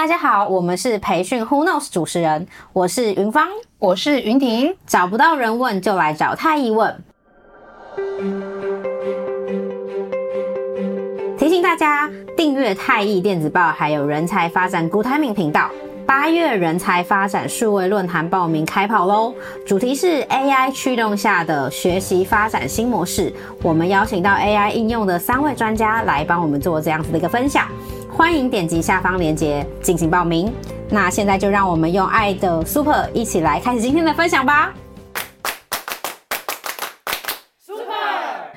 大家好，我們是培訓 Who Knows 主持人，我是云芳，我是云婷。找不到人問就來找太醫問。提醒大家訂閱太醫電子報，還有人才發展 Good Timing 頻道。八月人才發展數位論壇報名開跑嘍，主題是 AI 驅動下的學習發展新模式。我們邀請到 AI 應用的三位專家來幫我們做這樣子的一個分享。歡迎點擊下方鏈接進行報名。那現在就讓我們用愛的 Super 一起來開始今天的分享吧！Super，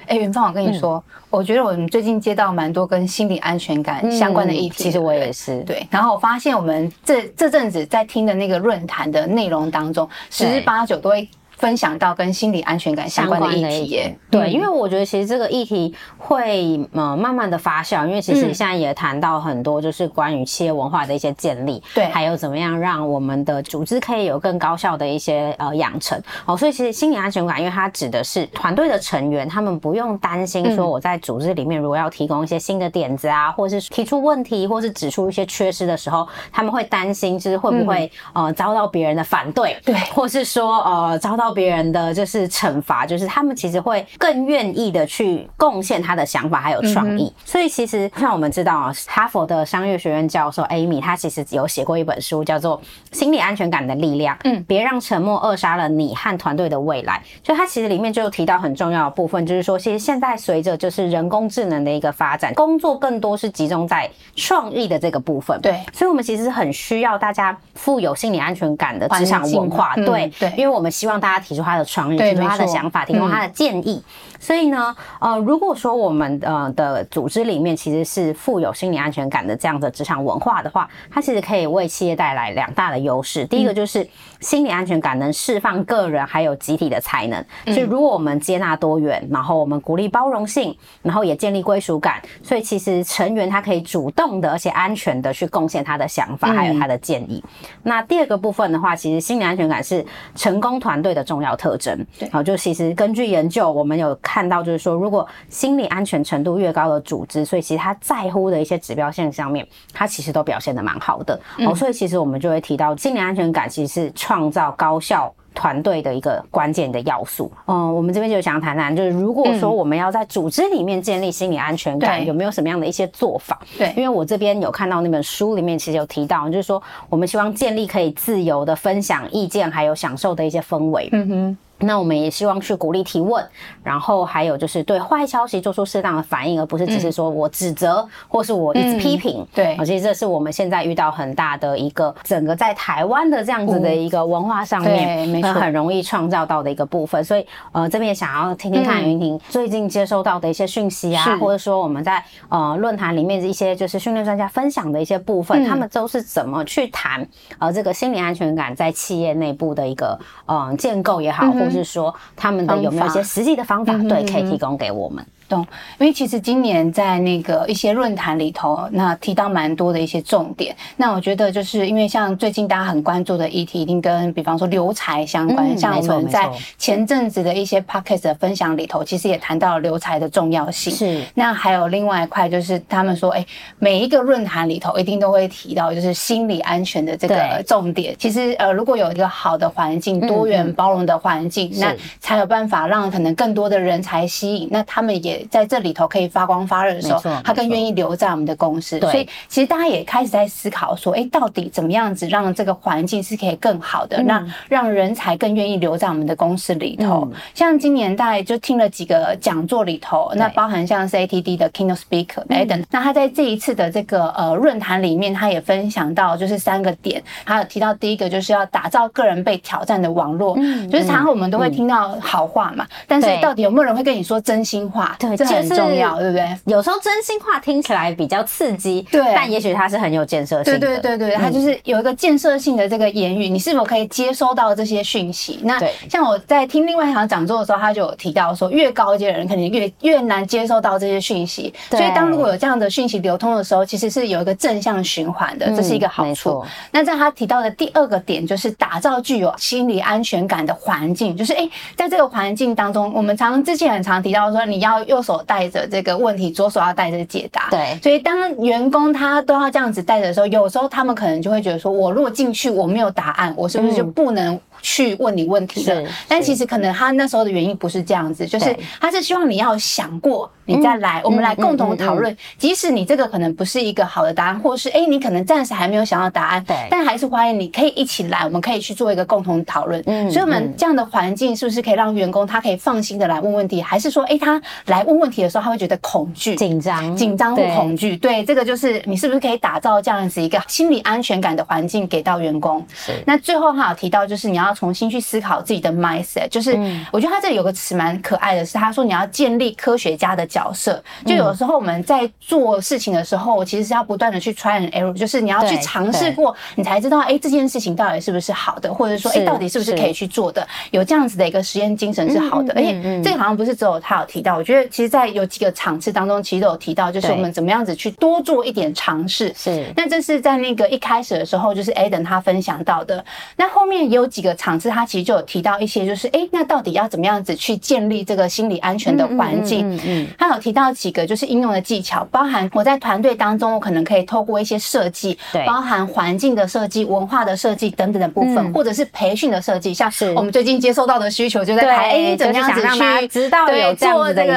哎、欸，元芳，我跟你說，嗯、我覺得我們最近接到蠻多跟心理安全感相關的議題。嗯、其實我也是。對，然後我發現我們這這陣子在聽的那個論壇的內容當中，十之八九都會。分享到跟心理安全感相關的議題，對，嗯、因為我覺得其實這個議題會呃慢慢的發酵，因為其實現在也談到很多就是關於企業文化的一些建立，嗯、對，還有怎麼樣讓我們的組織可以有更高效的一些呃養成，哦，所以其實心理安全感，因為它指的是團隊的成員，他們不用擔心說我在組織裡面如果要提供一些新的點子啊，嗯、或是提出問題，或是指出一些缺失的時候，他們會擔心就是會不會、嗯、呃遭到別人的反對，對，或是說呃遭到。別人的就是懲罰，就是他們其實會更願意的去貢獻他的想法，還有創意。嗯、哼所以其實像我們知道哈佛的商業學院教授 Amy，他其實有寫過一本書，叫做《心理安全感的力量》。嗯，別讓沉默扼殺了你和團隊的未來。嗯、就他其實裡面就提到很重要的部分，就是說，其實現在隨着就是人工智能的一個發展，工作更多是集中在創意的這個部分。對，所以我們其實很需要大家富有心理安全感的職場文化。對、嗯，對，因為我們希望大家。提出他的創意，對提出他的想法，沒錯提供他的建議。嗯所以呢，呃，如果說我們呃的組織裡面其實是富有心理安全感的這樣的職場文化的話，它其實可以為企業帶來兩大的優勢。第一個就是心理安全感能釋放個人還有集體的才能，所以、嗯、如果我們接納多元，然後我們鼓勵包容性，然後也建立歸屬感，所以其實成員他可以主動的而且安全的去貢獻他的想法還有他的建議。嗯、那第二個部分的話，其實心理安全感是成功團隊的重要特徵。對、啊，就其實根據研究，我們有。看到就是說，如果心理安全程度越高的組織，所以其實他在乎的一些指標性上面，他其實都表現得蠻好的哦、嗯。所以其實我們就會提到，心理安全感其實是創造高效團隊的一個關鍵的要素。嗯，我們這邊就想談談，就是如果說我們要在組織裡面建立心理安全感，有沒有什麼樣的一些做法？對，因為我這邊有看到那本書裡面其實有提到，就是說我們希望建立可以自由的分享意見，還有享受的一些氛圍。嗯哼。那我們也希望去鼓勵提問，然後還有就是對壞消息做出適當的反應，而不是只是說我指責、嗯、或是我一直批評。嗯、對，其實這是我們現在遇到很大的一個整個在台灣的這樣子的一個文化上面，很很容易創造到的一個部分。嗯、所以呃，這邊也想要聽聽看云婷、嗯、最近接收到的一些訊息啊，是或者說我們在呃論壇裡面的一些就是訓練專家分享的一些部分，嗯、他們都是怎麼去談呃這個心理安全感在企業內部的一個嗯、呃、建構也好，或、嗯就是說他們的有沒有一些實際的方法，對，可以提供給我們。因為其實今年在那個一些論壇裡頭，那提到蠻多的一些重點。那我覺得就是因為像最近大家很關注的議題，一定跟比方說留才相關。像我們在前陣子的一些 podcast 的分享裡頭，其實也談到了留才的重要性。是。那還有另外一塊，就是他們說，哎，每一個論壇裡頭一定都會提到，就是心理安全的這個重點。其實呃，如果有一個好的環境、多元包容的環境，那才有辦法讓可能更多的人才吸引。那他們也。在這裡頭可以發光發熱的時候，他更願意留在我們的公司。所以，其實大家也開始在思考說，哎，到底怎麼樣子讓這個環境是可以更好的？那讓人才更願意留在我們的公司裡頭。像今年大概就聽了幾個講座裡頭，那包含像 A T D 的 keynote speaker，那他在這一次的這個呃論壇裡面，他也分享到就是三個點，他有提到第一個就是要打造個人被挑戰的網絡，就是常常我們都會聽到好話嘛，但是到底有沒有人會跟你說真心話？這很重要，對不對？有時候真心話聽起來比較刺激，對、啊，但也許它是很有建設性的。對對對，對它就是有一個建設性的這個言語，嗯、你是否可以接收到這些訊息？那像我在聽另外一場講座的時候，他就有提到說，越高階的人可能越越難接收到這些訊息。對啊、所以當如果有這樣的訊息流通的時候，其實是有一個正向循環的，嗯、這是一個好處。沒錯。那在他提到的第二個點，就是打造具有心理安全感的環境，就是哎，在這個環境當中，我們常之前很常提到說，你要有。右手帶着這個問題，左手要帶着解答。對，所以當員工他都要這樣子帶着的時候，有時候他們可能就會覺得說，我如果進去，我沒有答案，我是不是就不能…嗯？去問你問題的，但其實可能他那時候的原因不是這樣子，就是他是希望你要想過，你再來，我們來共同討論。即使你這個可能不是一個好的答案，或是哎、欸，你可能暫時還沒有想到答案，對，但還是歡迎你可以一起來，我們可以去做一個共同討論。嗯，所以我們這樣的環境是不是可以讓員工他可以放心的來問問題，還是說哎、欸，他來問問題的時候他會覺得恐懼、緊張、緊張或恐懼？對，這個就是你是不是可以打造這樣子一個心理安全感的環境給到員工？是。那最後他有提到就是你要。重新去思考自己的 mindset，就是我覺得他這裡有個詞蠻可愛的，是他說你要建立科學家的角色。就有時候我們在做事情的時候，其實是要不斷的去 try and error，就是你要去嘗試過，你才知道哎、欸、這件事情到底是不是好的，或者說哎、欸、到底是不是可以去做的。有這樣子的一個實驗精神是好的、欸，哎這個好像不是只有他有提到，我覺得其實在有幾個場次當中，其實都有提到，就是我們怎麼樣子去多做一點嘗試。是，那這是在那個一開始的時候，就是 Adam 他分享到的。那後面也有幾個。場次，他其實就有提到一些，就是哎、欸，那到底要怎麼樣子去建立這個心理安全的環境？嗯嗯，嗯嗯嗯他有提到幾個就是應用的技巧，包含我在團隊當中，我可能可以透過一些設計，對包含環境的設計、文化的設計等等的部分，嗯、或者是培訓的設計，像是我們最近接收到的需求就在談，哎對，欸、怎麼樣，樣子去讓他知道有對做這個，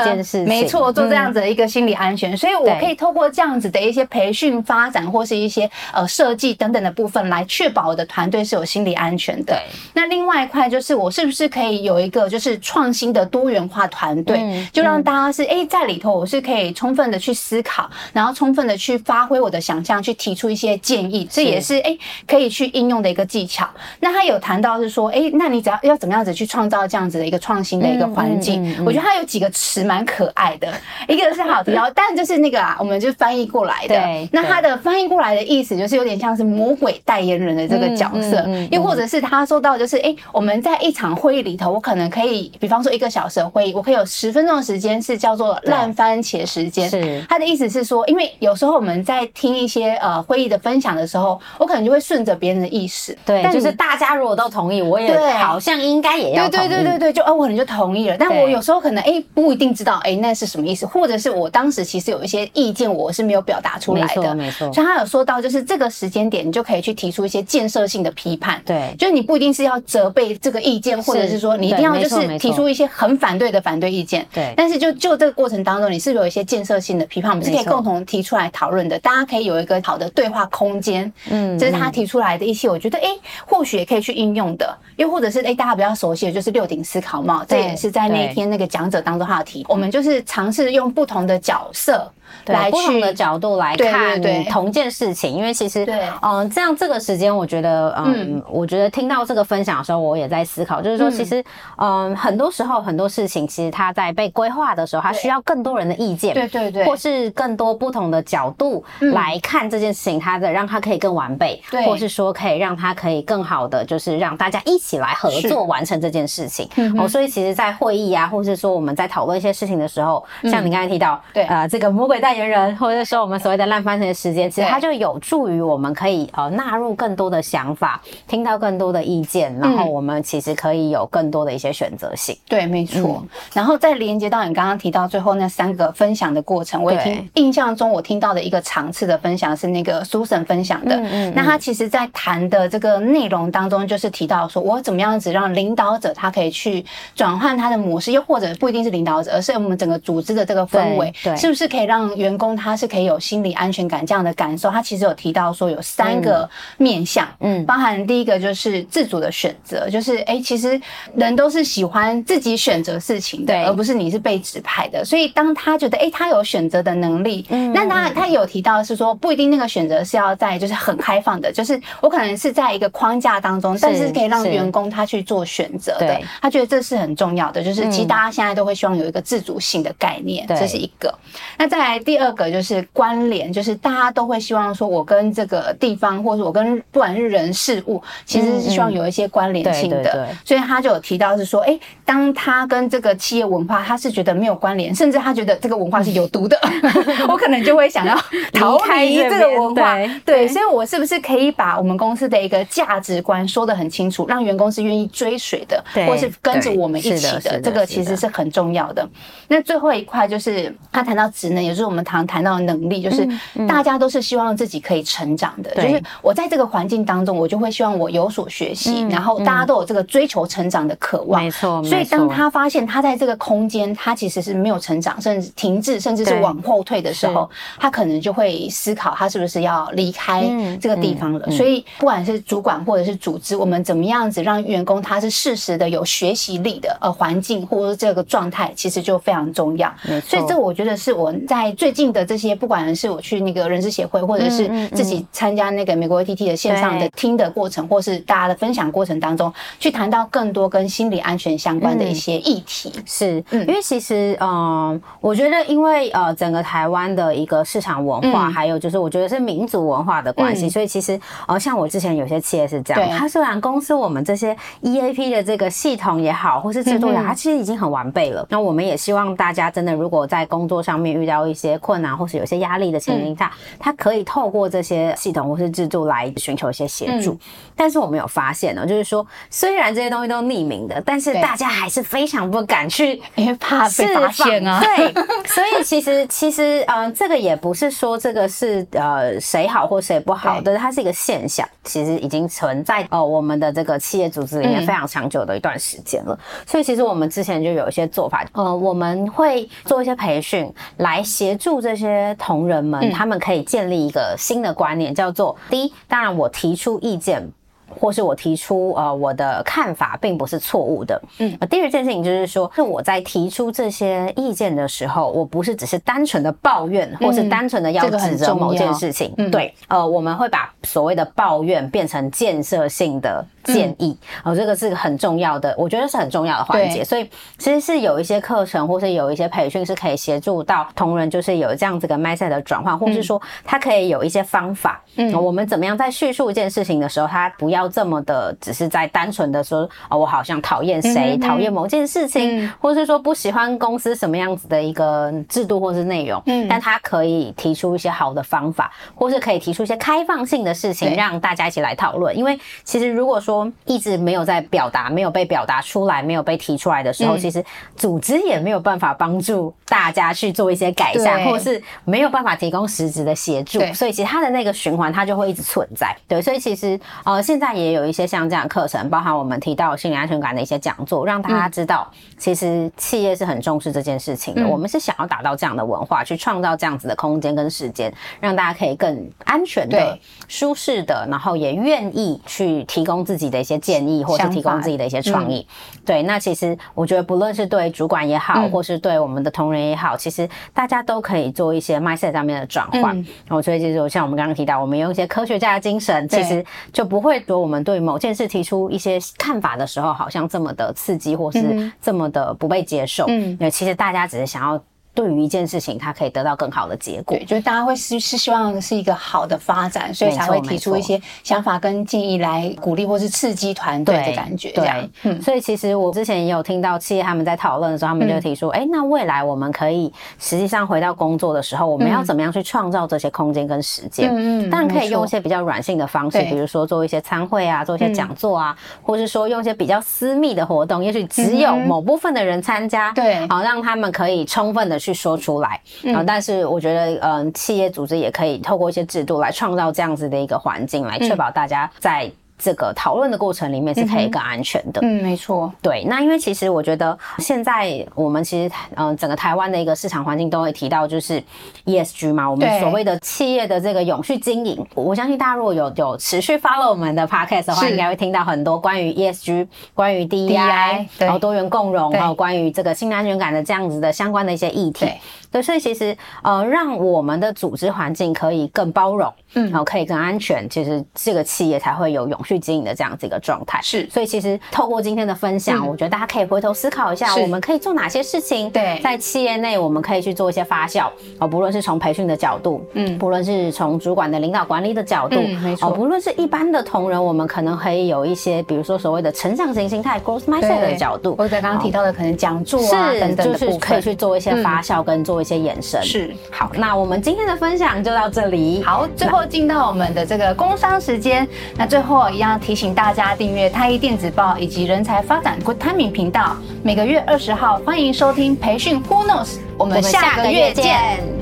沒錯，做這樣子的一個心理安全，嗯、所以我可以透過這樣子的一些培訓、發展或是一些呃設計等等的部分來確保我的團隊是有心理安全的。對。那另外一塊就是我是不是可以有一個就是創新的多元化團隊，就讓大家是誒，在裡頭我是可以充分的去思考，然後充分的去發揮我的想象，去提出一些建議，這也是誒，可以去應用的一個技巧。那他有談到是說誒，那你只要要怎麼樣子去創造這樣子的一個創新的一個環境？我覺得他有幾個詞蠻可愛的，一個是好的，然後但就是那個啊，我們就翻譯過來的。那他的翻譯過來的意思就是有點像是魔鬼代言人的這個角色，又或者是他說到就是。就是哎、欸，我們在一場會議裡頭，我可能可以，比方說一個小時的會議，我可以有十分鐘的時間是叫做“爛番茄時間”。是他的意思是說，因為有時候我們在聽一些呃會議的分享的時候，我可能就會順着別人的意思。對，但你就是大家如果都同意，我也好像應該也要同意。對對對對，就哦、呃，我可能就同意了。但我有時候可能哎、欸，不一定知道哎、欸，那是什麼意思，或者是我當時其實有一些意見，我是沒有表達出來的。沒錯，沒錯。所以他有說到，就是這個時間點，你就可以去提出一些建設性的批判。對，就是你不一定是。要責備這個意見，或者是說你一定要就是提出一些很反對的反對意見。對，但是就就這個過程當中，你是不是有一些建設性的批判，對我們是可以共同提出來討論的，錯大家可以有一個好的對話空間。嗯，這是他提出來的一些，我覺得哎、欸，或許也可以去應用的。又或者是哎、欸，大家比較熟悉的，就是六頂思考帽，這也對對是在那一天那個講者當中他提，對我們就是嘗試用不同的角色。來不同的角度來看同件事情，因為其實嗯，這樣這個時間，我覺得嗯，我覺得聽到這個分享的時候，我也在思考，就是說其實嗯，很多時候很多事情，其實它在被規劃的時候，它需要更多人的意見，對對對，或是更多不同的角度來看這件事情，它的讓它可以更完備，對，或是說可以讓它可以更好的，就是讓大家一起來合作完成這件事情。哦，所以其實，在會議啊，或是說我們在討論一些事情的時候，像你剛才提到，對啊，這個魔鬼。代言人，或者說我們所謂的“爛番茄”時間，其實它就有助於我們可以呃納入更多的想法，聽到更多的意見，然後我們其實可以有更多的一些選擇性。嗯、對，沒錯。嗯、然後再連接到你剛剛提到最後那三個分享的過程，對我也聽印象中我聽到的一個場次的分享是那個 Susan 分享的，嗯嗯嗯，那他其實在談的這個內容當中，就是提到說我怎麼樣子讓領導者他可以去轉換他的模式，又或者不一定是領導者，而是我們整個組織的這個氛圍，對對，是不是可以讓員工他是可以有心理安全感這樣的感受，他其實有提到說有三個面向，嗯，包含第一個就是自主的選擇，就是哎、欸，其實人都是喜歡自己選擇事情的，對，而不是你是被指派的。所以當他覺得哎、欸，他有選擇的能力，嗯，那他他有提到是說不一定那個選擇是要在就是很開放的，就是我可能是在一個框架當中，但是可以讓員工他去做選擇，對，他覺得這是很重要的，就是其實大家現在都會希望有一個自主性的概念，這是一個。那再來。第二個就是關聯，就是大家都會希望說，我跟這個地方，或者我跟不管是人事物，其實是希望有一些關聯性的。嗯、所以他就有提到是說，哎、欸，當他跟這個企業文化，他是覺得沒有關聯，甚至他覺得這個文化是有毒的， 我可能就會想要逃離這個文化。對，對，所以，我是不是可以把我們公司的一個價值觀說得很清楚，讓員工是願意追隨的，對或是跟着我們一起的？是的、是的、這個其實是很重要的。是的。那最後一塊就是他談到職能，也是、嗯。我們常談到的能力，就是大家都是希望自己可以成長的。就是我在這個環境當中，我就會希望我有所學習。然後大家都有這個追求成長的渴望，沒錯。所以當他發現他在這個空間，他其實是沒有成長，甚至停滯，甚至是往後退的時候，他可能就會思考，他是不是要離開這個地方了。所以不管是主管或者是組織，我們怎麼樣子讓員工他是適時的有學習力的呃環境，或者是這個狀態，其實就非常重要。所以這我覺得是我在。最近的這些，不管是我去那個人事協會，或者是自己參加那個美國 ATT 的線上的聽的過程，或是大家的分享過程當中，去談到更多跟心理安全相關的一些議題、嗯。是，嗯、因為其實，嗯、呃，我覺得，因為呃，整個台灣的一個市場文化，嗯、還有就是我覺得是民族文化的關係，嗯、所以其實，呃，像我之前有些企業是這樣，對，它雖然公司我們這些 EAP 的這個系統也好，或是制度也好，它其實已經很完備了。嗯、那我們也希望大家真的，如果在工作上面遇到一些。些困難或者有些壓力的前提下，他、嗯、可以透過這些系統或是制度來尋求一些協助。嗯、但是我們有發現呢，就是說雖然這些東西都匿名的，但是大家還是非常不敢去，因為怕被發現啊。 對，所以其實其實嗯、呃，這個也不是說這個是呃誰好或誰不好，對但是它是一個現象，其實已經存在呃我們的這個企業組織裡面非常長久的一段時間了。嗯、所以其實我們之前就有一些做法，呃，我們會做一些培訓來協。祝這些同仁們，嗯、他們可以建立一個新的觀念，叫做：第一，當然我提出意見，或是我提出呃我的看法，並不是錯誤的。嗯，第二件事情就是說，是我在提出這些意見的時候，我不是只是單純的抱怨，或是單純的要指責某件事情。嗯，這個嗯、對，呃，我們會把所謂的抱怨變成建設性的。建議哦、嗯呃，這個是很重要的，我覺得是很重要的環節。對所以其實是有一些課程，或是有一些培訓是可以協助到同仁，就是有這樣子的 mindset 的轉換，嗯、或是說他可以有一些方法。嗯、呃，我們怎麼樣在敘述一件事情的時候，嗯、他不要這麼的，只是在單純的說哦、呃，我好像討厭誰，討厭、嗯、某件事情，嗯、或是說不喜歡公司什麼樣子的一個制度或是內容。嗯，但他可以提出一些好的方法，或是可以提出一些開放性的事情，對讓大家一起來討論。因為其實如果說一直沒有在表達，沒有被表達出來，沒有被提出來的時候，嗯、其實組織也沒有辦法幫助大家去做一些改善，對或是沒有辦法提供實質的協助，對所以其實它的那個循環它就會一直存在。對，所以其實呃，現在也有一些像這樣的課程，包含我們提到心理安全感的一些講座，讓大家知道、嗯、其實企業是很重視這件事情的。嗯、我們是想要打造這樣的文化，去創造這樣子的空間跟時間，讓大家可以更安全、的、對舒適的，然後也願意去提供自己。的一些建議，或者是提供自己的一些創意，嗯、對，那其實我覺得，不論是對主管也好，嗯、或是對我們的同仁也好，其實大家都可以做一些 mindset 上面的轉換。我、嗯哦、所以就是像我們剛剛提到，我們用一些科學家的精神，其實就不會說我們對某件事提出一些看法的時候，好像這麼的刺激，或是這麼的不被接受。嗯嗯、因為其實大家只是想要。對於一件事情，他可以得到更好的結果。對，就是大家會是是希望是一個好的發展，所以才會提出一些想法跟建議來鼓勵或是刺激團隊的感覺，對。對，嗯、所以其實我之前也有聽到企業他們在討論的時候，他們就提出，哎、嗯，那未來我們可以實際上回到工作的時候，我們要怎麼樣去創造這些空間跟時間？嗯、嗯、嗯，但當然可以用一些比較軟性的方式，比如說做一些餐會啊，做一些講座啊，嗯、或者是說用一些比較私密的活動，也許只有某部分的人參加，對、嗯，好、哦、讓他們可以充分的去說出來，啊！但是我覺得，嗯，企業組織也可以透過一些制度來創造這樣子的一個環境，來確保大家在。這個討論的過程裡面是可以更安全的。嗯,嗯，沒錯。對，那因為其實我覺得現在我們其實，嗯、呃，整個台灣的一個市場環境都會提到就是 ESG 嘛，我們所謂的企業的這個永續經營。對我相信大家如果有有持續 follow 我們的 podcast 的話，是應該會聽到很多關於 ESG、關於 DEI，對然後多元共融，還有對關於這個心理安全感的這樣子的相關的一些議題。對,對,對，所以其實呃，讓我們的組織環境可以更包容，嗯，然後可以更安全，其實這個企業才會有永。去經營的這樣子一個狀態是，所以其實透過今天的分享，我覺得大家可以回頭思考一下，我們可以做哪些事情？對，在企業內我們可以去做一些發酵哦，不論是從培訓的角度，嗯，不論是從主管的領導管理的角度，沒錯，哦，不論是一般的同仁，我們可能可以有一些，比如說所謂的成長型心態，growth mindset 的角度，或者剛剛提到的可能講座啊等等的部分可以去做一些發酵跟做一些延伸。是好，那我們今天的分享就到這裡。好，最後進到我們的這個工商時間，那最後。一樣提醒大家訂閱《太醫電子報》以及人才發展 Good Timing 頻道。每個月二十號，歡迎收聽培訓 Who Knows。我們下個月見。